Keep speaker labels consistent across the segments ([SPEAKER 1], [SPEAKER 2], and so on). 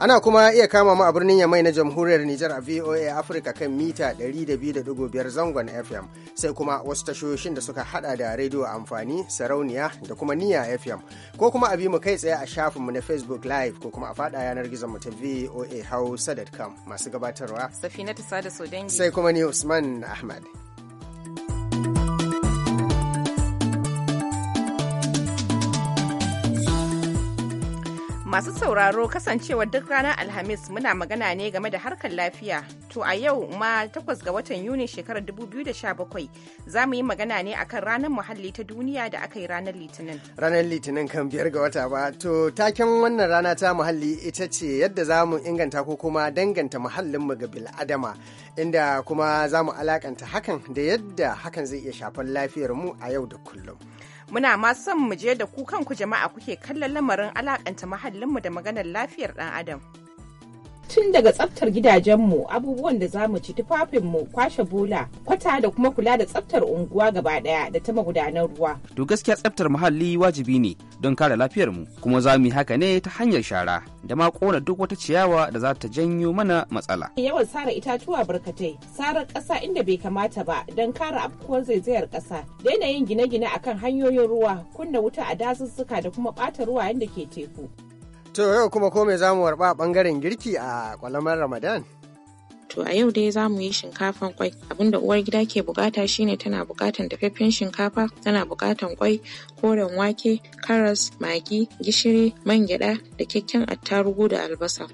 [SPEAKER 1] Ana kuma iya kama mu a birnin Yamai na Jamhuriyar Nijar a VOA Africa kan mita 200.5 zangon FM sai kuma wasu tashoshin da suka hada da rediyo amfani sarauniya da kuma niya FM ko kuma a bi mu kai tsaye a shafin mu na Facebook Live ko kuma a fada yanar gizon mu ta VOA Hausa.com masu gabatarwa.
[SPEAKER 2] Safina ta sada Sai
[SPEAKER 1] kuma ni Usman Ahmad.
[SPEAKER 2] Masu sauraro kasancewa duk ranar Alhamis muna magana ne game da harkar lafiya. To a yau ma takwas ga watan Yuni shekarar 2017 za mu yi magana ne akan ranar muhalli ta duniya da aka yi ranar Litinin.
[SPEAKER 1] Ranar Litinin kan biyar ga wata ba. To taken wannan rana ta muhalli ita ce yadda za mu inganta ko kuma danganta muhallinmu ga bil'adama. Inda kuma za mu alakanta hakan da yadda hakan zai iya shafar lafiyar
[SPEAKER 2] mu a yau da kullum. Muna ma son mu je da ku kanku jama'a kuke kallon lamarin alakanta muhallinmu da maganar lafiyar ɗan adam. tun daga tsaftar gidajenmu abubuwan da za mu ci tufafinmu kwashe bola kwata da kuma kula da tsaftar unguwa gaba daya da ta magudanar ruwa.
[SPEAKER 3] To gaskiya tsaftar muhalli wajibi ne don kare mu kuma za mu yi haka ne ta hanyar shara da ma kona duk wata ciyawa da za ta janyo mana matsala.
[SPEAKER 2] Yawan sare itatuwa barkatai, sarar ƙasa inda bai kamata ba don kare afkuwar zaizayar ƙasa, daina yin gine-gine akan hanyoyin ruwa, kunna wuta a dazuzzuka da kuma ɓata ruwa yadda ke teku.
[SPEAKER 1] To yau kuma ko za mu warba a ɓangaren girki a kwalamar Ramadan?
[SPEAKER 4] To a yau dai za mu yi shinkafan kwai. Abinda uwar gida ke bukata shine tana bukatan dafaffen shinkafa, tana bukatan kwai, koren wake, karas, magi, gishiri, man gyada da kyakken attarugu da albasa.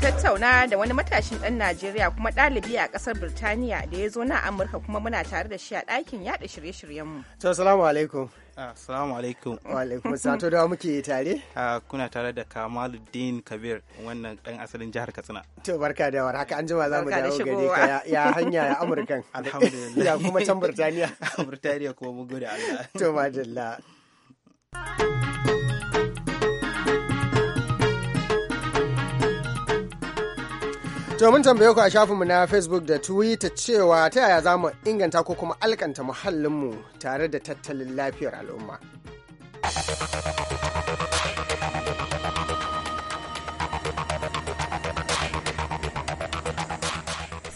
[SPEAKER 2] tattauna da wani matashin ɗan Najeriya kuma ɗalibi a ƙasar Birtaniya da ya zo na Amurka kuma muna tare da shi a ɗakin yaɗa shirye-shiryenmu.
[SPEAKER 1] To, salamu alaikum.
[SPEAKER 5] Ah, assalamu alaikum.
[SPEAKER 1] Wa alaikum. Sato da muke tare?
[SPEAKER 5] Ah, kuna tare da Kamaluddin Kabir wannan dan asalin jihar Katsina.
[SPEAKER 1] To barka da war haka an jima za mu dawo gare ka ya hanya ya Amurkan. Alhamdulillah. Ya kuma can Burtaniya. Burtaniya kuma mu gode Allah. To madalla. To mun tambaye ku a shafinmu na Facebook da Twitter cewa ta yaya za mu inganta ko kuma alkanta muhallinmu tare da tattalin lafiyar al'umma.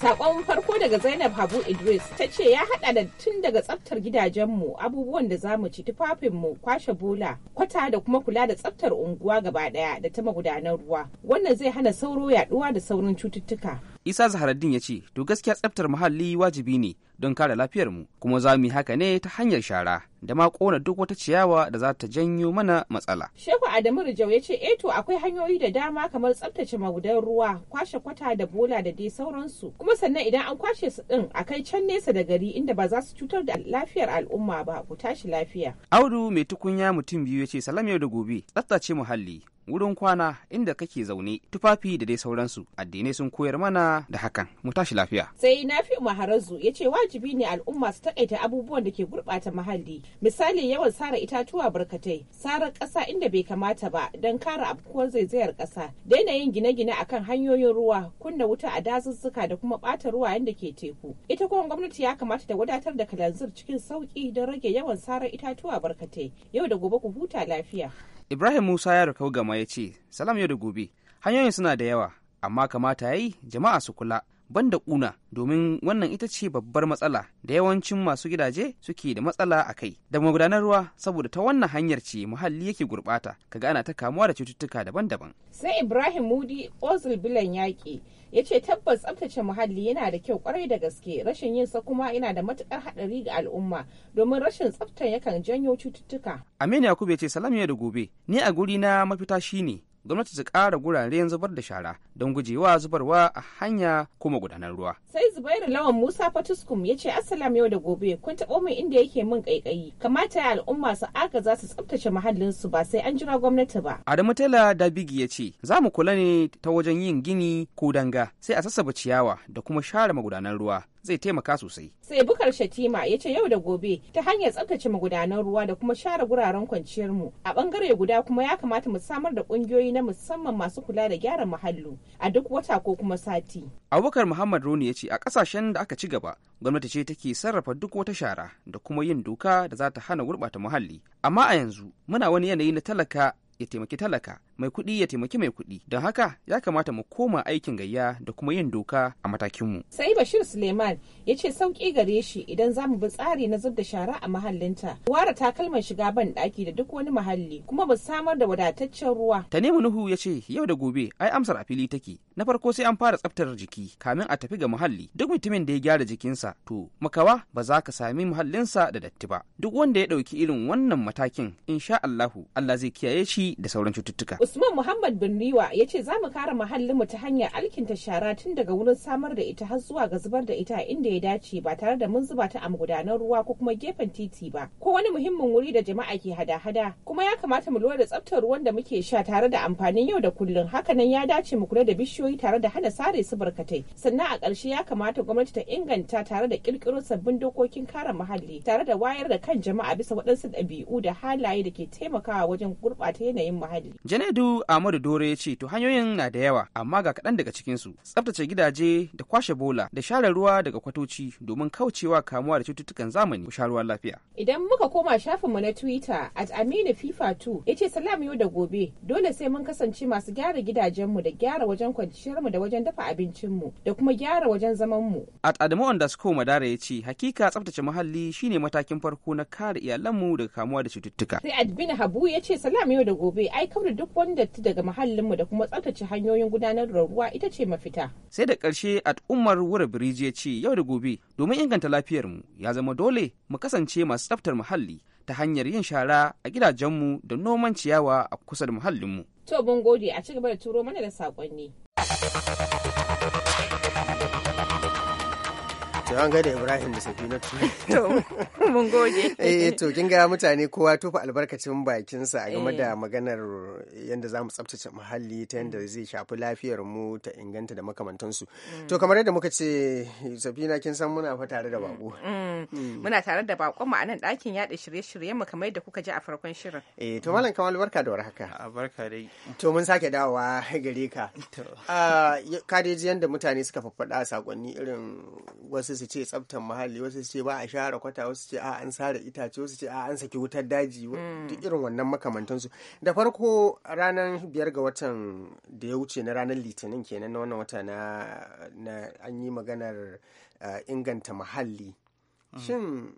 [SPEAKER 2] Sakon farko daga Zainab Habu Idris ta ce ya hada da tun daga tsaftar gidajenmu abubuwan da zamu ci tufafinmu kwashe bola kwata da kuma kula da tsaftar unguwa gaba daya da ta magudanar ruwa wannan zai hana sauro yaduwa da saurin cututtuka.
[SPEAKER 3] Isa Zaharaddin ya ce to gaskiya tsaftar muhalli wajibi ne don kare lafiyarmu kuma za mu yi haka ne ta hanyar shara. da ma kona duk wata ciyawa da za ta janyo mana matsala.
[SPEAKER 2] Shehu Adamu Rijau ya ce eto eh akwai hanyoyi da dama kamar tsabtace magudan ruwa, kwashe kwata da bola da dai sauransu. Kuma sannan idan an kwashe su ɗin a kai can nesa da gari inda ba za su cutar da lafiyar al'umma ba ku tashi lafiya.
[SPEAKER 3] Audu mai tukunya mutum biyu ya ce salam yau da gobe tsaftace muhalli wurin kwana inda kake zaune tufafi da dai sauransu addinai sun koyar mana da hakan mu tashi lafiya
[SPEAKER 2] sai nafi maharazu ya ce wajibi ne al'umma su takaita abubuwan da ke gurɓata muhalli misali yawan sare itatuwa barkatai sarar ƙasa inda bai kamata ba don kare afkuwar zaizayar ƙasa daina yin gine-gine akan hanyoyin ruwa kunna wuta a dazuzzuka da kuma ɓata ruwa yadda ke teku ita kuma gwamnati ya kamata ta wadatar da kalanzir cikin sauki don rage yawan sare itatuwa barkatai yau da gobe ku huta lafiya
[SPEAKER 3] ibrahim musa ya rikau gama ya ce salam yau da gobe hanyoyin suna da yawa amma kamata ya yi jama'a su kula banda kuna domin wannan ita ce babbar matsala da yawancin masu gidaje suke da matsala a kai da magudanar ruwa saboda ta wannan hanyar ce muhalli yake gurbata kaga ana ta kamuwa da cututtuka daban-daban
[SPEAKER 2] sai ibrahim mudi ozil bilan yaƙi ya ce tabbas tsabtace muhalli yana da kyau kwarai da gaske rashin yin sa kuma yana da matukar haɗari ga al'umma domin rashin tsaftar yakan janyo cututtuka
[SPEAKER 3] aminu yakubu ya ce salam ya da gobe ni a guri na mafita shi ne. gwamnati ta ƙara guraren zubar da shara don gujewa zubarwa a hanya ko gudanar ruwa.
[SPEAKER 2] Sai Zubairu Lawan Musa Fatuskum ya ce Assalam yau da gobe kun taɓo min inda yake min ƙaiƙayi kamata ya al'umma su aka za su tsaftace muhallinsu ba sai an jira gwamnati ba.
[SPEAKER 3] Adamu Tela Dabigi ya ce za mu kula ne ta wajen yin gini ko danga sai a sassaba ciyawa da kuma share magudanan ruwa zai taimaka sosai.
[SPEAKER 2] Sai bukar Shatima ya ce yau da gobe ta hanyar tsabtace magudanan ruwa da kuma share guraren kwanciyar mu. A bangare guda kuma ya kamata mu samar da kungiyoyi na musamman masu kula da gyara muhallu a duk wata ko kuma sati.
[SPEAKER 3] Abubakar Muhammad Roni ya ce a kasashen da aka ci gaba gwamnati ce take sarrafa duk wata shara da kuma yin doka da za ta hana gurɓata muhalli. Amma a yanzu muna wani yanayi na talaka ya taimaki talaka mai kuɗi ya taimaki mai kuɗi don haka ya kamata mu koma aikin gayya da kuma yin doka a matakinmu.
[SPEAKER 2] sai bashir suleiman ya ce sauƙi gare shi idan za mu bi tsari na zub da shara a mahallinta ware takalman shiga ban ɗaki da duk wani mahalli kuma ba samar da wadataccen ruwa. ta
[SPEAKER 3] tanimu nuhu ya ce yau da gobe ai amsar a fili take na farko sai an fara tsaftar jiki kamin a tafi ga muhalli duk mutumin da ya gyara jikinsa to makawa ba za ka sami muhallinsa da datti ba duk wanda ya ɗauki irin wannan matakin insha Allahu Allah zai kiyaye shi da sauran cututtuka.
[SPEAKER 2] Usman Muhammad Birniwa ya ce za mu kare muhallinmu ta hanyar alkinta shara tun daga wurin samar da ita har zuwa ga zubar da ita inda ya dace ba tare da mun zuba ta a magudanar ruwa ko kuma gefen titi ba ko wani muhimmin wuri da jama'a ke hada-hada kuma ya kamata mu lura da tsaftar ruwan da muke sha tare da amfanin yau da kullum hakanan ya dace mu kula da bishiyoyi tare da hana sare su barkatai sannan a ƙarshe ya kamata gwamnati ta inganta tare da ƙirƙiro sabbin dokokin kare muhalli tare da wayar da kan jama'a bisa waɗansu ɗabi'u da halaye da ke taimakawa wajen gurɓata yanayin muhalli.
[SPEAKER 3] Sa'idu Ahmadu Dore ya ce to hanyoyin na da yawa amma ga kaɗan daga cikinsu tsaftace gidaje da kwashe bola da share ruwa daga kwatoci domin kaucewa kamuwa da cututtukan zamani ko ruwan lafiya.
[SPEAKER 2] Idan muka koma shafin mu na Twitter at Aminu FIFA 2 ya ce salam yau da gobe dole sai mun kasance masu gyara gidajenmu da gyara wajen kwanciyar mu da wajen dafa abincinmu da kuma gyara wajen zamanmu.
[SPEAKER 3] At Adamu underscore Madara ya ce hakika tsaftace muhalli shine matakin farko na kare iyalanmu daga kamuwa da cututtuka.
[SPEAKER 2] Sai Adbin Habu ya ce salam yau da gobe ai kawai duk ruwan datti daga muhallinmu da kuma tsaftace hanyoyin gudanar da ruwa ita ce mafita.
[SPEAKER 3] Sai da ƙarshe al'ummar wura biriji ya ce yau da gobe domin inganta lafiyarmu ya zama dole mu kasance masu tsaftar muhalli ta hanyar yin shara a gidajenmu da noman ciyawa a kusa da muhallinmu.
[SPEAKER 2] To mun gode a ci gaba da turo mana da saƙonni.
[SPEAKER 1] to an gaida ibrahim da safinatu to mun goge. eh to kin ga mutane kowa tofa albarkacin bakinsa a game da eh. maganar yadda zamu tsaftace muhalli ta yadda mm. zai shafi lafiyar mu ta inganta da makamantansu mm. to kamar yadda muka ce na kin san muna fa tare da mm. bako
[SPEAKER 2] muna tare da baƙo mu a nan ɗakin yaɗa shirye-shiryen mu kamar yadda kuka ji a farkon shirin
[SPEAKER 1] eh to malam kamal barka da warhaka barka dai to mun sake dawowa gare ka ah, ka dai yadda mutane suka faffaɗa sakonni irin wasu su ce tsaftar muhalli wasu su ce ba a share kwata wasu ce a an sare itace wasu ce a an saki wutar daji hmm. duk irin wannan makamantansu da farko ranar biyar ga watan da ya wuce na ranar litinin kenan na wannan wata na an yi maganar eh, inganta muhalli hmm. shin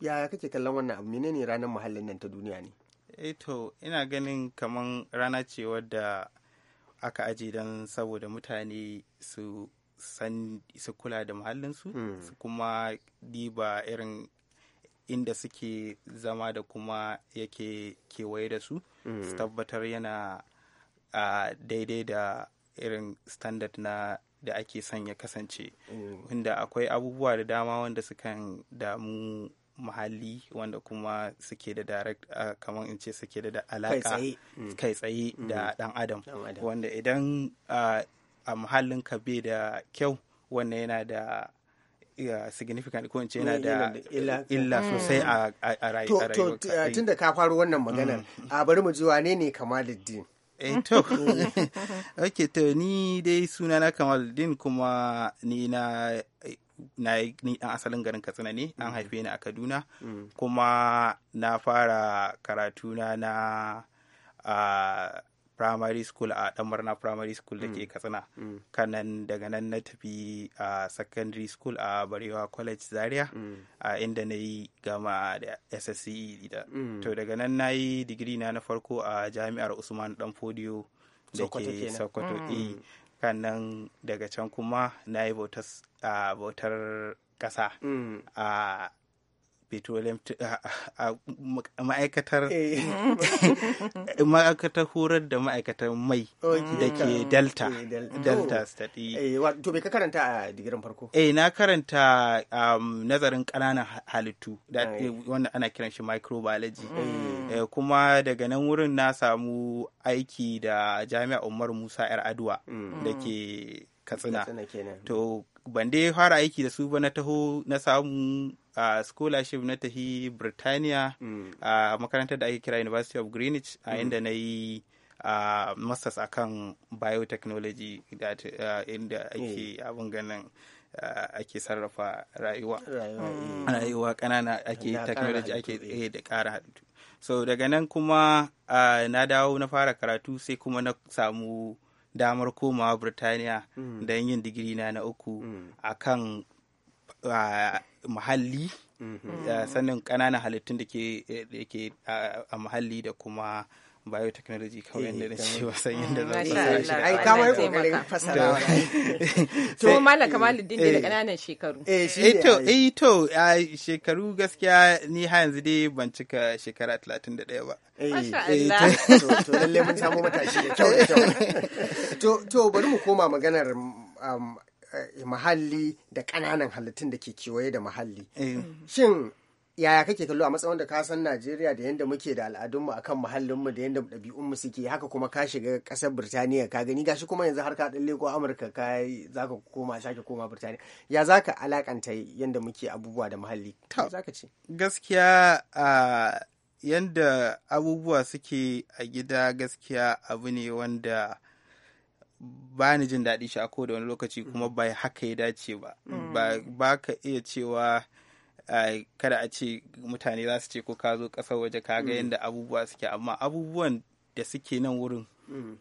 [SPEAKER 1] yaya kake kallon wannan abu menene ranar muhallin nan ta duniya ne
[SPEAKER 5] eh to ina ganin kamar rana ce wadda aka aje don saboda mutane su san su kula da muhallinsu hmm. su kuma diba irin inda suke zama da kuma yake kewaye da su hmm. su tabbatar yana daidai da irin standard na da ake son ya kasance inda hmm. akwai abubuwa da dama wanda sukan damu muhalli wanda kuma suke da direct uh, kamar in ce suke da alaka kai tsaye da dan adam wanda idan uh, a muhallin ka bai da kyau wannan yana da significant ko ce yana da illa sosai hmm. a rayuwa to eh, eh.
[SPEAKER 1] tun da ka faro wannan maganar hmm. a bari mu ji ne ne kamaluddin
[SPEAKER 5] eh to okay to ni dai suna na kamaluddin kuma ni na na ni an asalin garin katsina ne an haife ni a kaduna hmm. kuma na fara karatu na na primary school a murna primary school da ke mm. katsina mm. kanan daga nan na tafi a secondary school a barewa college zaria mm. a inda na yi gama da sse da to daga nan na yi digiri na na farko a jami'ar usman danfodiyo
[SPEAKER 4] da ke sokoto
[SPEAKER 5] kanan eh, daga can kuma na yi bautar ƙasa a ma'aikatar eh. ma'aikatar horar da ma'aikatar mai
[SPEAKER 1] da ke delta eh, delta oh. study e. eh, to me ka karanta a digirin farko eh
[SPEAKER 5] na karanta um, nazarin ƙananan halittu wanda ana kiran shi microbiology mm. kuma daga nan wurin na samu aiki da jami'a umar musa yar adwa mm. da ke katsina to ban dai fara aiki da su ba na taho na samu uh, scholarship na tafi Birtaniya mm. a makarantar da ake kira University of Greenwich a mm. inda na yi Uh, masters kan biotechnology that, uh, inda ake mm. abin ganin ake sarrafa rayuwa rayuwa kanana ake technology ake tsaye eh. eh, da kara halittu so daga nan kuma na dawo na fara karatu sai kuma na samu damar komawa birtaniya don yin digiri na na uku a kan. muhalli mm-hmm. eh, sanin ƙananan halittun da ke eh, eh, a muhalli da kuma biotechnology kawai da ce wasan yadda za su mm, sa shi da kamar kokarin fasarawa to mala kamaluddin da kananan
[SPEAKER 2] shekaru eh to eh
[SPEAKER 5] to shekaru gaskiya ni har yanzu dai ban cika shekara 31 ba Masha Allah. To lalle mun samu matashi da kyau da
[SPEAKER 1] kyau. To bari mu koma maganar um, Eh, muhalli da ƙananan halittun da ke kewaye da muhalli eh. mm-hmm. shin yaya kake kallo a matsayin da ka san Najeriya da yadda muke da al'adunmu akan mu da yadda ɗabi'unmu suke haka kuma ka shiga ƙasar Birtaniya ka gani gashi kuma yanzu har ka ɗalle ko Amurka ka ka koma sake koma Birtaniya ya za ka alaƙanta yadda muke abubuwa da muhalli ce
[SPEAKER 5] gaskiya a yadda abubuwa suke a gida gaskiya abu ne wanda ba ni jin daɗi shi a koda wani lokaci kuma mm. ba haka ya dace mm. ba ba ka iya cewa kada a ce mutane za su ce ko ka zo ƙasar waje ka ga mm. yadda abubuwa suke amma abubuwan da suke nan wurin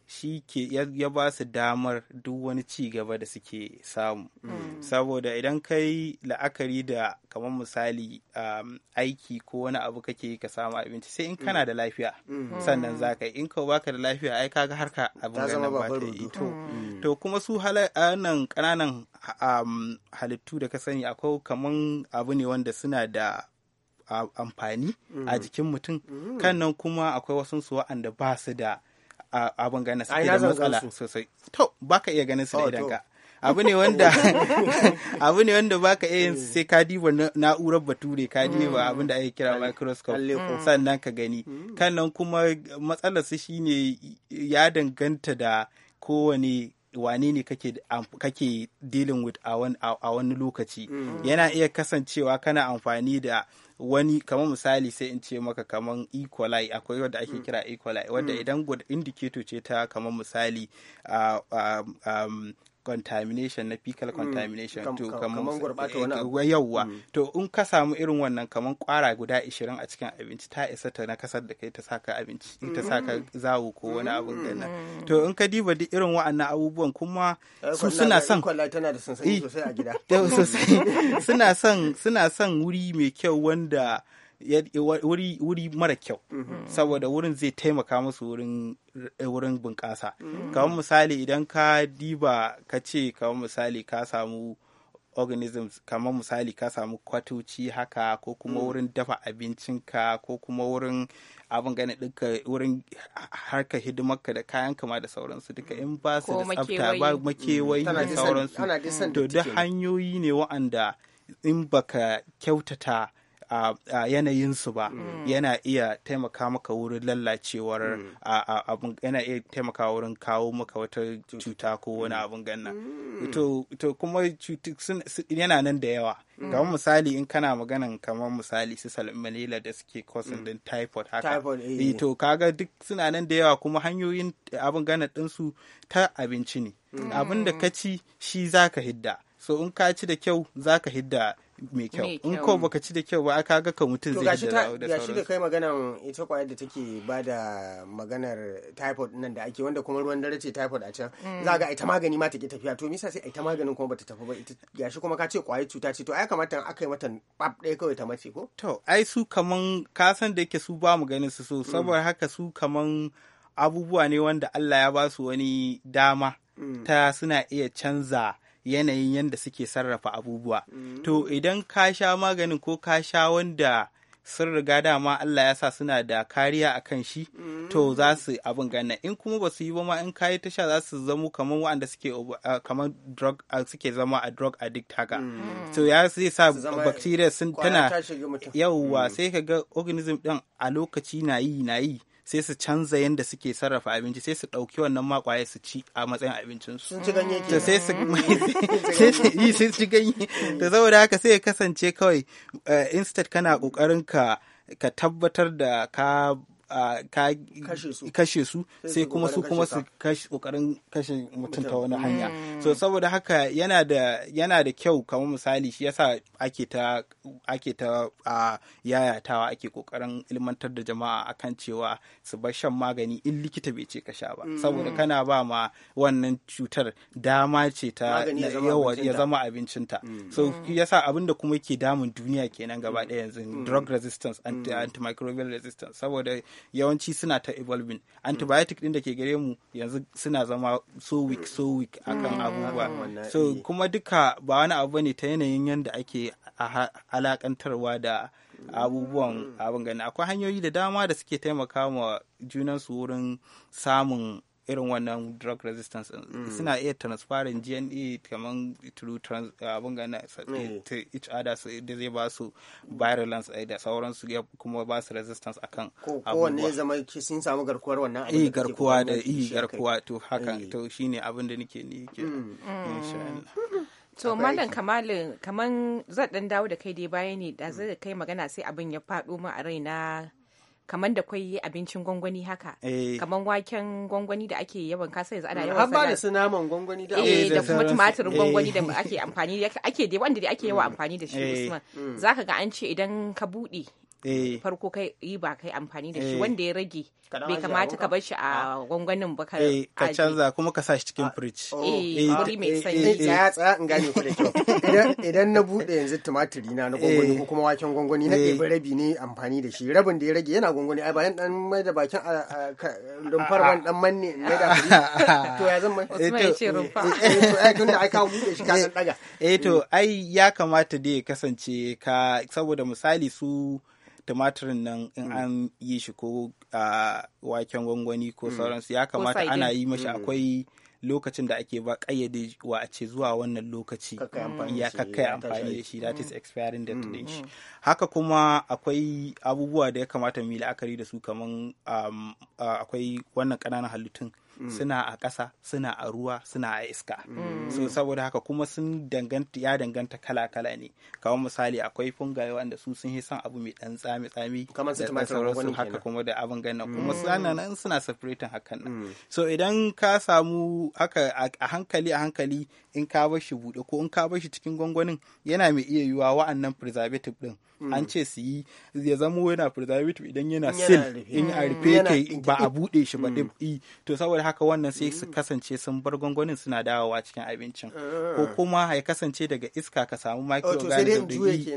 [SPEAKER 5] shi ke ya ba su damar duk wani ci gaba da suke samu saboda idan kai la'akari da kamar misali um, aiki ko wani abu kake ka samu abinci sai in kana da lafiya sannan za ka in ka baka da lafiya ai kaga harka abin ganin ba ta yi to mm. To kuma su halanan kananan um, halittu da ka sani akwai kaman abu ne wanda suna da amfani a mm. jikin mutum mm. kan nan kuma akwai wasu su wa'anda ba su da abin ganin su da matsala sosai to baka iya ganin su da oh, idanka abu ne wanda abu ne wanda baka iya eh. sai ka diba na'urar bature ka hmm. diba abin da ake kira microscope sannan ka gani hmm. kannan kuma matsalar su shine ya danganta da kowane wane ne kake dealing with a wani lokaci hmm. yana iya kasancewa kana amfani da wani kamar misali sai in ce maka kamar equali akwai wadda ake mm. kira equali wadda mm. idan good indicator ce ta kamar misali ah, ah, um, contamination na fecal mm, contamination eh, mm. to kaman gurbata wani yauwa to in ka samu irin wannan kaman kwara guda 20 a cikin abinci ta isa ta na kasar da kai ta saka abinci in ta saka mm. zawo ko wani abun ganin mm. to in ka diba duk irin wa'annan abubuwan kuma su suna son
[SPEAKER 1] eh,
[SPEAKER 5] suna son suna son wuri mai kyau wanda wuri mara kyau mm-hmm. saboda wurin zai taimaka musu wurin bunƙasa mm-hmm. kamar misali idan ka diba ka ce kamar misali ka samu organisms kamar misali ka samu kwatoci haka ko kuma mm. wurin dafa abincinka ko kuma wurin abin gani duka wurin harka hidimarka da kayan kama da sauransu duka in ba su da tsafta ba makewayi da mm. sauransu to da hanyoyi ne wa'anda in baka kyautata a yanayinsu ba mm. yana iya taimaka maka wurin lallacewar mm. yana iya taimaka wurin kawo maka wata cuta ko wani mm. abin ganna mm. to kuma yana nan da yawa kamar misali in kana maganan kamar misali su salmonella da suke causing din typhoid haka eh. Eh, to kaga duk suna nan da yawa kuma hanyoyin abin gana ɗinsu ta abinci ne abin da ka ci shi zaka hidda so in ka ci da kyau za ka hidda mai kyau in ko baka ci da kyau ba aka ga ka mutum zai ji da da shi da kai
[SPEAKER 1] maganan ita kwaya da take ba da maganar typhoid nan da ake wanda kuma ruwan dare ce typhoid a can mm. za ga ita ta magani ma take tafiya to me yasa sai ai ta maganin kuma bata tafi ba ita gashi kuma ka ce kwayar cuta ce to ai kamata aka yi mata bab ɗaya kawai ta mace ko
[SPEAKER 5] to ai su kaman ka san da yake su ba mu ganin su so mm. saboda haka su kaman abubuwa ne wanda Allah ya ba su wani dama mm. ta suna iya canza yanayin yadda suke sarrafa abubuwa mm. to idan ka sha maganin ko ka sha wanda sun riga dama Allah ya sa suna da kariya a kan shi mm. to za su abin gana in kuma ba su yi ba ma in kayi tasha za su zamo kamar waɗanda uh, uh, suke zama a drug addict haka mm. to ya zai sa bacteria sun tana yawwa sai ka ga organism din a lokaci na yi na yi sai su canza yadda suke sarrafa abinci sai su ɗauki wannan makwaye su ci a matsayin abincinsu. Sun ci ganye Sai su yi sai su Da saboda haka sai ya kasance kawai eh, instead kana ƙoƙarin ka ka tabbatar da ka kashe su sai kuma su kuma su kokarin kashe mutum ta wani hanya mm. so saboda haka yana da kyau kamar misali shi yasa ake ta ta yayatawa ake kokarin ilmantar da jama'a akan cewa su bar shan magani in likita bai ce kasha ba mm. saboda kana ba ma wannan cutar dama ce ta ya zama abincinta mm. so yasa abinda kuma ke damun duniya kenan gaba ɗaya yanzu drug resistance antimicrobial resistance saboda yawanci suna ta evolving hmm. antibiotic din da ke gare mu yanzu suna zama so weak so weak akan hmm. abubuwa
[SPEAKER 1] hmm. so eh.
[SPEAKER 5] kuma duka ba wani abu bane ta yanayin yadda ake alakantarwa da abubuwan abin gani akwai hanyoyi da dama da suke taimaka ma junansu wurin samun irin wannan drug resistance mm. suna iya transferring gna e kamar through uh, abin gana mm. to each other da zai ba su virulence eh, da sauran ya kuma ba su resistance akan abubuwa ya zama
[SPEAKER 1] sun samu garkuwar wannan abin eh, da garkuwa da i eh, garkuwa
[SPEAKER 5] to hakan to shine abin da nake ni ke mm.
[SPEAKER 2] to malam kamalin kaman zan dawo da kai dai baya ne da zai kai magana sai abin ya faɗo mu a raina kamar da kwai abincin gwangwani haka eh. kamar waken gwangwani da ake yawan kasa yanzu ana yawan ba da su naman gwangwani da eh, ake da kuma tumatirin eh. gwangwani da ake amfani ake dai wanda da ake yawan mm. amfani da shi Usman mm. zaka ga an ce idan ka bude Eh. farko kai yi ba kai amfani da shi eh. wanda ya rage bai kamata ka bar shi a ah. gwangwanin ba ka eh, ka
[SPEAKER 5] canza kuma ka sa shi cikin ah. fridge oh. eh wuri mai sanyi ya
[SPEAKER 1] tsaya
[SPEAKER 2] in gane ku da kyau
[SPEAKER 1] idan na bude yanzu tumatiri na na gwangwani ko kuma waken gwangwani na ɗebi rabi ne amfani da shi rabin da ya rage yana gwangwani ai bayan dan mai da bakin rumfar ban dan manne mai da to ya zan mai ya ce rumfa eh to ai ka bude shi ka san daga eh to mm. ai ya
[SPEAKER 5] kamata dai ya kasance ka saboda misali su tumatirin nan in mm. an yi shi ko a waken gwangwani ko mm. sauransu ya kamata ana yi mashi mm. akwai lokacin da ake ba kayyade wa a ce zuwa wannan lokaci ya kakkai amfani da shi that is expiring date din shi haka kuma akwai abubuwa da ya kamata mu yi la'akari da su kaman um, akwai wannan ƙananan halittun Mm. suna a ƙasa suna a ruwa suna a iska mm. so saboda haka kuma sun danganta ya danganta kala kala ne kamar misali akwai fungaye wanda su sun yi san abu mai dan tsami tsami kamar su tumatir haka kuma da abin ganin kuma mm. nan suna separating hakan nan so idan ka samu haka a hankali a hankali in ka bar shi buɗe ko in ka bar shi cikin gwangwanin yana mai iya yiwa wa'annan preservative din an ce su yi ya zama yana preservative idan yana sil in a rufe ke ba a buɗe shi ba to saboda haka wannan sai su mm. kasance sun bar gwangwanin suna dawowa cikin abincin ko eh. kuma ya kasance daga iska ka samu oh, da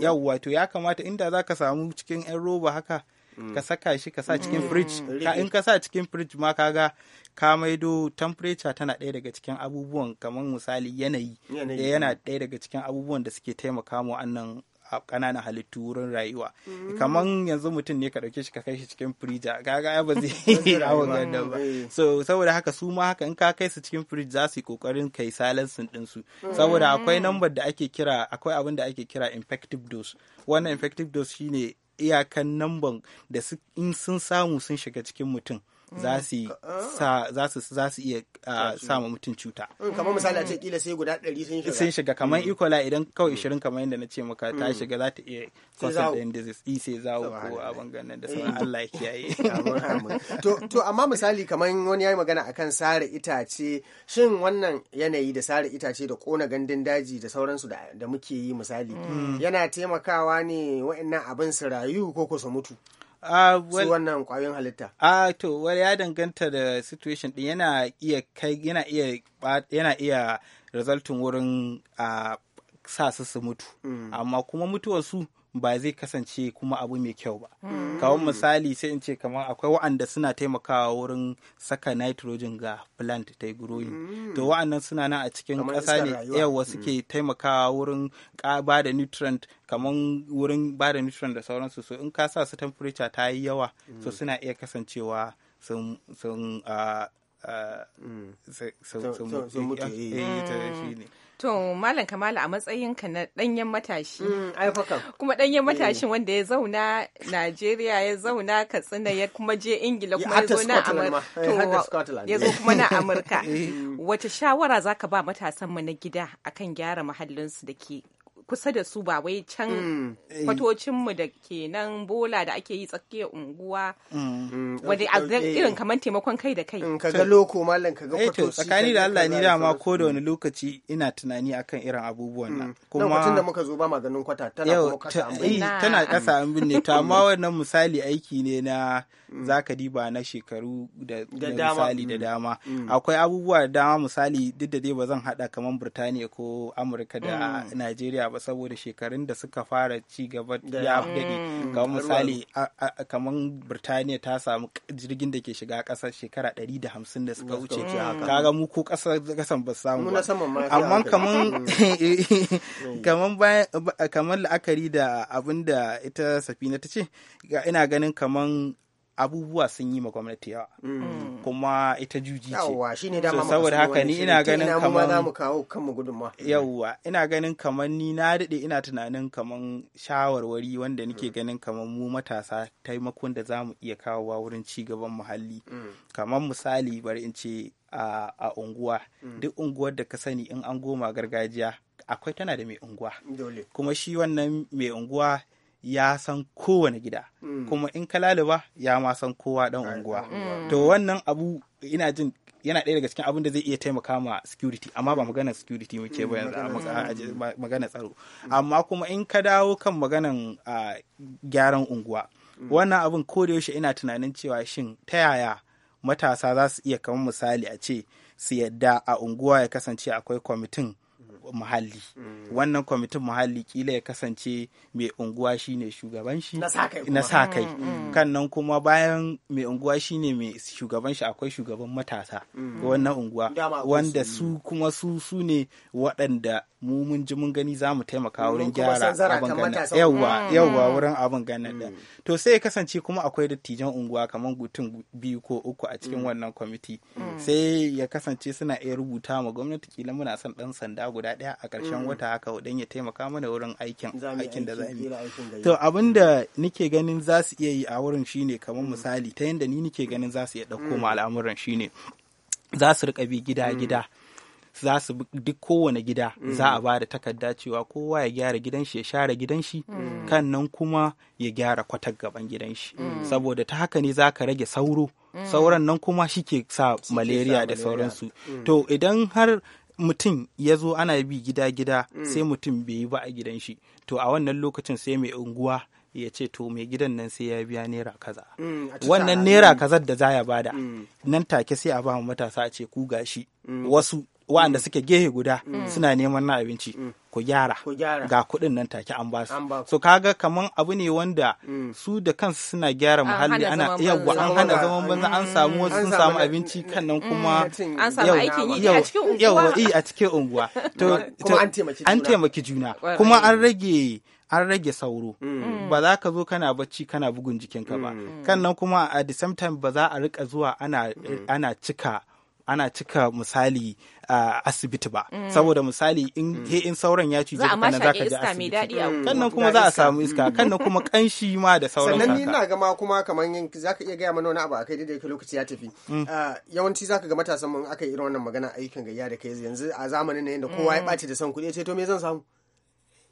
[SPEAKER 5] yawwa to ya kamata inda za ka samu cikin 'yan roba haka mm. ka saka shi ka sa cikin mm. fridge in ka sa cikin fridge ma ka ga ka maido temperature tana ɗaya daga cikin abubuwan kamar misali yanayi eh, yana ɗaya daga cikin abubuwan da suke taimaka mu annan Kananan halittu wurin rayuwa mm. kaman yanzu mutum ne ka ɗauke shi ka kai shi cikin firija ya ba zai rawa gandun ba eh. so saboda haka su ma haka in ka kai su cikin firij za su yi ƙoƙarin kai silencing ɗinsu mm. saboda akwai nambar da ake kira akwai abin da ake kira infective dose wannan infective dose shine iyakan namban da in sun samu sun shiga cikin mutum Mm. za su za su iya uh, sa ma mutum cuta mm,
[SPEAKER 1] kamar misali a ce kila sai guda ɗari sun shiga sun shiga kamar
[SPEAKER 5] ikola mm. idan kawai ishirin kamar yadda na ce maka ta shiga za ta iya kwasar end disease i e, sai zawo ko abin ganin da sauran Allah ya kiyaye
[SPEAKER 1] to amma misali kamar wani ya yi magana akan sare itace shin wannan yanayi da sare itace da kona gandun daji da sauransu da muke yi misali yana taimakawa ne wa'annan abin su rayu ko ku su mutu Ah, su wannan kwayoyin halitta.
[SPEAKER 5] Uh, to, ya danganta da situation ɗin yana iya kai yana iya yana wurin uh, sa su mutu. Mm. Amma kuma mutuwarsu. ba zai kasance kuma abu mai kyau ba hmm. kawo misali sai in ce kamar akwai wa'anda suna taimakawa wurin saka nitrogen ga plant ta yi growing hmm. to wa'annan suna nan a cikin ƙasa ne yawa hmm. suke taimakawa wurin ba da nutrient kamar wurin ba da nutrient da sauransu so in ka sa su temperature ta yi yawa so suna iya kasancewa sun ah,
[SPEAKER 2] To Malam Kamala a matsayinka na ɗanyen matashi. Mm, kuma ɗanyen eh. matashin wanda ya zauna Najeriya ya zauna Katsina ya kuma je Ingila kuma ya zo na Amurka. Eh, eh. kuma na Amurka. Wace shawara za ka ba matasan mu na gida akan gyara muhallinsu da ke kusa da su ba wai can mm. eh. kwatocinmu da ke nan bola da ake yi tsakiyar unguwa
[SPEAKER 1] mm. mm. wadda
[SPEAKER 2] a eh. irin kamar taimakon kai da kai ka ga
[SPEAKER 1] loko mallan ka ga eh kwato tsakani da Allah ni dama ko da wani
[SPEAKER 5] lokaci ina tunani akan irin abubuwan nan kuma lokacin da
[SPEAKER 2] muka
[SPEAKER 1] zo ba maganin kwata tana kuma kasa an tana kasa an binne to amma
[SPEAKER 5] wannan misali aiki ne na zaka diba na shekaru da misali da dama akwai abubuwa da dama misali duk da dai ba zan hada kamar Burtaniya ko Amurka da Najeriya ba saboda shekarun da suka fara ci gaba ya gani mm. kamar misali kamar birtaniya ta samu jirgin da ke shiga kasar shekara 150 da suka wuce kaga mu ko kasar kasan ba samu amma kamar kamar kamar la'akari da abinda ita safina ta ce ina ganin kamar abubuwa sun yi ma gwamnati yawa mm. kuma ita juji ce saboda haka ni ina ganin kamar yawwa ina ganin kamar ni na daɗe ina tunanin kamar shawarwari wanda nake mm. ganin kamar mu matasa taimakon da zamu mu iya kawowa wurin ci gaban muhalli mm. kamar misali bari in ce a unguwa duk unguwar da ka sani in an goma gargajiya akwai tana da mai unguwa kuma shi wannan mai unguwa ya san kowane gida mm. kuma in ka laluba ya ma san kowa dan unguwa to wannan abu ina jin yana ɗaya daga cikin abin da zai iya taimaka ma security amma ba maganar security muke ba mm, yanzu maganar tsaro amma kuma in ka dawo kan maganar gyaran unguwa mm. wannan abin ko da yaushe ina tunanin cewa shin ta yaya matasa za su iya kamar misali a ce su yadda a unguwa ya kasance akwai kwamitin muhalli mm. wannan kwamitin muhalli kila ya kasance mai unguwa shine shugaban shi na sa kai mm, mm. kan nan kuma bayan mai unguwa shine mai shugaban shi akwai shugaban matasa wannan unguwa wanda su kuma su su ne waɗanda mu mun ji mun gani za mu taimaka wurin gyara abin ganin yawwa yawwa wurin abin gana da to sai ya kasance kuma akwai dattijan unguwa kamar gutun biyu ko uku a cikin wannan kwamiti sai ya kasance suna iya rubuta ma gwamnati kila muna son dan sanda guda ɗaya a karshen wata haka don ya taimaka mana wurin aikin aikin da za to abin da nike ganin za su iya yi a wurin shine kamar misali ta yadda ni nike ganin za su iya dauko ma al'amuran shine za su rika bi gida mm. gida za su duk kowane gida mm. za a ba da takarda cewa kowa ya gyara gidan shi ya share gidan shi mm. kan nan kuma ya gyara kwatar gaban gidan shi saboda ta haka ne za ka rage sauro sauran nan kuma shi ke sa malaria da sauransu to idan har mutum ya zo ana bi gida-gida mm. sai mutum bai yi ba a gidan shi to a wannan lokacin sai mai unguwa ya ce to mai gidan nan sai ya biya naira kaza mm, wannan naira mm. kazar da za ya bada nan take sai a ba matasa a ce ku gashi wasu wa'anda suke gehe guda suna neman na abinci ku gyara ga kuɗin nan take an ba su so kaga kaman abu ne wanda mm. su da kansu suna gyara muhalli ana yawa an hana zaman banza an mm. samu wasu sun samu abinci mm. kan nan kuma an samu aikin yi a cikin unguwa yawa eh, a cikin unguwa to an taimaki juna kuma an rage an rage sauro ba za ka zo kana bacci kana bugun jikinka ba kan nan kuma a the same time ba za a rika zuwa ana cika ana cika misali uh, asibiti ba mm. saboda misali in mm. he in sauran ya cije ka nan zaka ji asibiti kan nan kuma za a samu iska kan mm. nan kuma kanshi ma da sauran sannan ni ina
[SPEAKER 1] gama kuma kaman yin zaka iya gaya mana wani abu akai da lokaci ya tafi mm. ah, yawanci zaka ga matasan mun aka yi irin wannan magana aikin gayya da kai yanzu a zamanin ne da kowa ya ɓaci da son kuɗi ya ce to me zan samu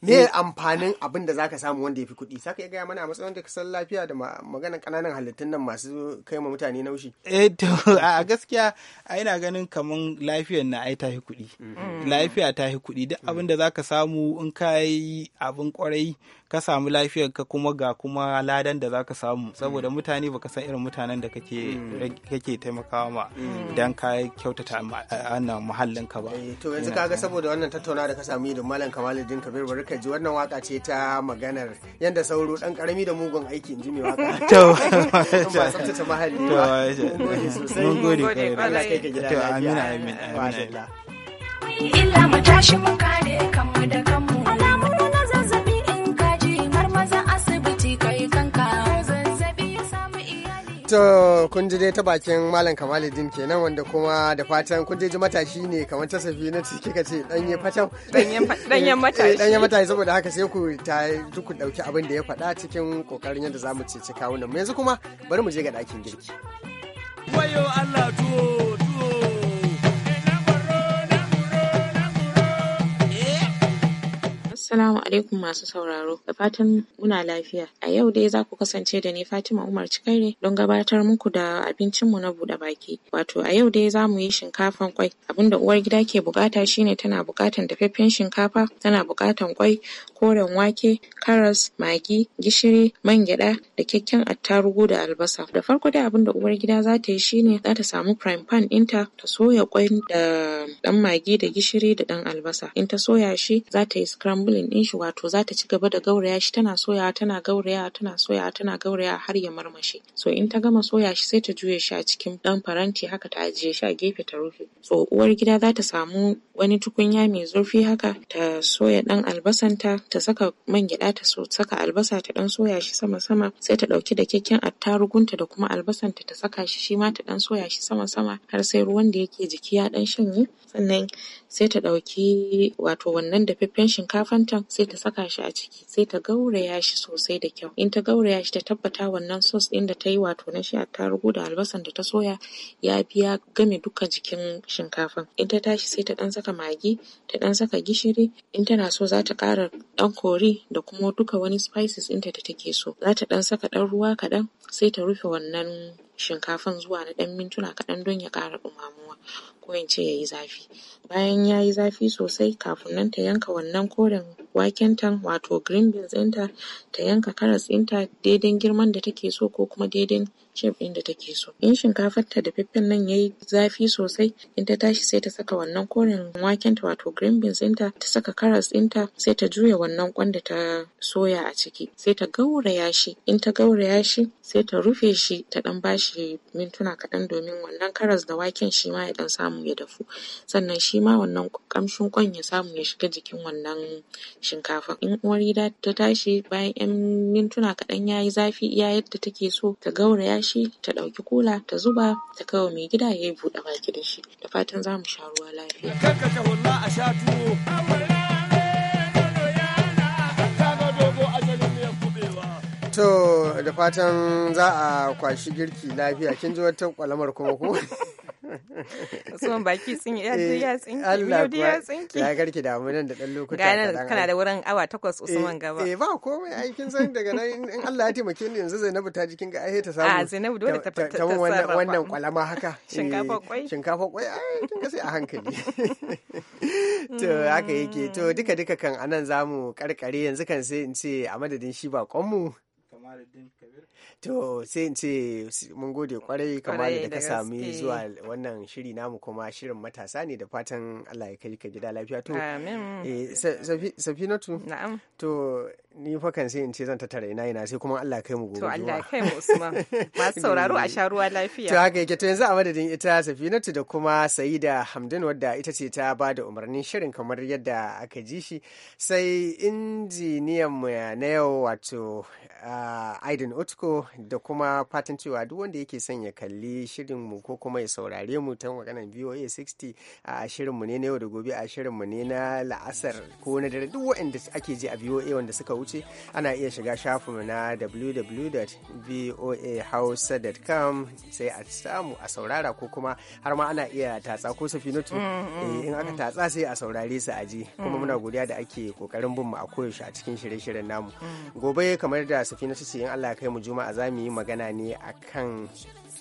[SPEAKER 1] me eh. amfanin abin da zaka samu wanda ya fi kuɗi saka ya gaya mana a matsayin da kasar lafiya da maganan ƙananan halittun nan masu kai ma mutane naushi eh to a gaskiya a ina ganin kaman
[SPEAKER 5] lafiyar na ai ta fi kuɗi mm. Mm. lafiya ta fi kuɗi duk mm. abin da zaka samu in ka yi abin kwarai ka samu lafiyar ka kuma ga kuma ladan da zaka samu mm. saboda mutane baka san irin mutanen da kake mm. kake taimakawa ma mm. Dan ka kyautata na muhallin ka ba eh, to yanzu kaga
[SPEAKER 1] saboda wannan tattauna da ka samu da malam Kamaluddin Kabir ka ji wannan waka ce ta maganar yanda sauro dan karami da mugun aiki inji mai waka to ba tsaftace muhalli ba
[SPEAKER 5] mun gode kai ka gida to amina amina
[SPEAKER 1] amina
[SPEAKER 4] illa mu tashi mun kare kanmu daga
[SPEAKER 1] To kun ji dai ta bakin Malam din kenan wanda kuma da fatan kun ji matashi ne kamar ta safi na ciki ka ce danye fatau. danye matashi. saboda haka sai ku ta ku dauki abin da ya faɗa cikin kokarin yadda zamu ceci kawunan mu yanzu kuma bari
[SPEAKER 4] mu je ga dakin girki. Wayo Allah tuwo Assalamu alaikum masu sauraro, da fatan muna lafiya. A yau dai za ku kasance da ni Fatima Umar Cikaire don gabatar muku da abincinmu na buɗe baki. Wato a yau dai za mu yi shinkafan kwai. Abinda uwar gida ke buƙata shine tana bukatan dafaffen shinkafa, tana bukatan kwai, koren wake, karas, magi, gishiri, man gyaɗa da kyakken attarugu da albasa. Da farko dai abinda uwar gida za ta yi shine za ta samu prime pan ɗinta ta soya kwai da ɗan magi da gishiri da ɗan albasa. In ta soya shi za ta yi scramble boiling ɗin shi wato za ta ci gaba da gauraya shi tana soyawa tana gaurayawa tana soyawa tana gaurayawa har ya marmashe. So in ta gama soya shi sai ta juya shi a cikin ɗan faranti haka ta ajiye shi a gefe ta rufe. So uwar gida za ta samu wani tukunya mai zurfi haka ta soya ɗan albasanta ta saka man gyaɗa ta saka albasa ta ɗan soya shi sama-sama sai ta ɗauki da kyakken attarugunta da kuma albasanta ta saka shi shi ma ta ɗan soya shi sama-sama har sai ruwan da yake jiki ya ɗan shanye sannan sai ta ɗauki wato wannan dafaffen shinkafan hannunta sai ta saka shi a ciki sai ta gauraya shi sosai da kyau in ta gauraya shi ta tabbata wannan sos ɗin da ta yi wato na shi attarugu da albasan da ta soya ya biya game duka jikin shinkafan in ta tashi sai ta ɗan saka magi ta ɗan saka gishiri in tana so za ta ƙara ɗan kori da kuma duka wani spices ɗinta da take so za ta ɗan saka ɗan ruwa kaɗan sai ta rufe wannan shinkafan zuwa na ɗan mintuna kaɗan don ya ƙara ɗumamuwa ko in ce yayi zafi. Bayan ya yi zafi sosai kafin nan ta yanka wannan koren waken ta wato green beans ɗin ta, yanka karas ɗin ta girman da take so ko kuma daidai shape ɗin da take so. In shinkafar ta dafaffen nan yi zafi sosai in ta tashi sai ta saka wannan koren waken ta wato green beans ɗin ta, saka karas ɗin sai ta juya wannan ƙwan da ta soya a ciki sai ta gauraya shi in ta gauraya shi sai ta rufe shi ta ɗan bashi mintuna kaɗan domin wannan karas da waken shi ma ya ɗan samu ya dafu sannan shi ma wannan ƙamshin ƙwan ya samu ya shiga jikin wannan shinkafa. In uwar gida ta tashi bayan ‘yan mintuna kaɗan ya yi zafi iya yadda take so ta gauraya shi ta ɗauki kula ta zuba ta kawo mai gida ya yi buɗe baki da shi. Da fatan za mu sha ruwa lafiya.
[SPEAKER 1] To da fatan za a kwashi girki lafiya kin ji wata kwalamar kuma ko?
[SPEAKER 2] Asuwan baki sun yi ya tsinki biyu ya eh, tsinki. Ya garki da nan da dan lokuta. Ga nan kana da wurin awa takwas Usman eh, gaba. Eh ba
[SPEAKER 1] komai ai kin san daga nan in Allah ya taimake ni yanzu Zainabu ta jikin ga ai ta samu. A ah, Zainabu dole ta ta wannan wannan kwalama haka. Shinkafa kwai. Eh, shinkafa kwai ai kin ga sai a hankali. To mm. haka yake to duka duka kan anan zamu karkare yanzu kan sai in ce a madadin shi ba baƙonmu. To sai in ce mun gode kwarai Kamalu da ka sami zuwa wannan shiri namu kuma shirin matasa ne da fatan Allah ya kai ka gida lafiya to. Eh, Safinatu. To ni fa kan sai in ce zan tattara ina ina sai kuma Allah kai mu gobe to Allah kai mu
[SPEAKER 2] Usman masu sauraro a sha lafiya to haka
[SPEAKER 1] yake to yanzu a madadin ita Safinatu da kuma Saida Hamdan wadda ita ce ta ba da umarnin shirin kamar yadda aka ji shi sai injiniyan mu na yau wato ah, Aidan Otko da kuma fatan cewa duk wanda yake son ya kalli shirin mu ko kuma ya saurare mu ta maganar VOA 60 a shirin mu ne na yau da gobe a shirin mu ne na la'asar ko na dare duk waɗanda ake ji a VOA wanda suka wuce huce ana iya shiga shafinmu na www.voahouse.com sai a samu a saurara ko kuma har ma ana iya tatsa ko safinatu mm, mm, eh, in aka mm. tatsa sai a saurare su a ji kuma muna godiya da ake kokarin bin mu a koyaushe a cikin shirye-shiryen namu gobe kamar da safinatu ce in Allah ya kai mu juma'a za mu yi magana ne akan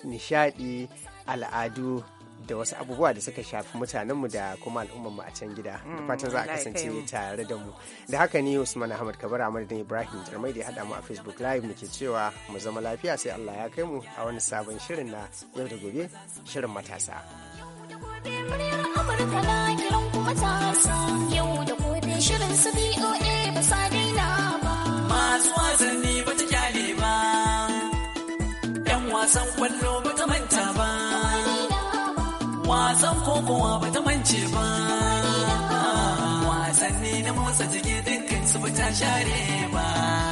[SPEAKER 1] nishadi al'adu da wasu abubuwa da suka shafi mutanenmu da kuma al'ummarmu a can gida da mm, fatan za a kasance tare da mu da haka ne usman ahmad kabar a da ibrahim jarmai da ya haɗa mu a facebook live muke cewa mu zama lafiya sai allah ya kai mu a wani sabon shirin na yau da gobe shirin matasa
[SPEAKER 2] Masu wasanni
[SPEAKER 3] ba ta kyale ba, ‘yan wasan kwallo ba ta manta. wasan kokowa ba ta mance ba wasanni na motsa jiki dinkin su ba
[SPEAKER 2] share ba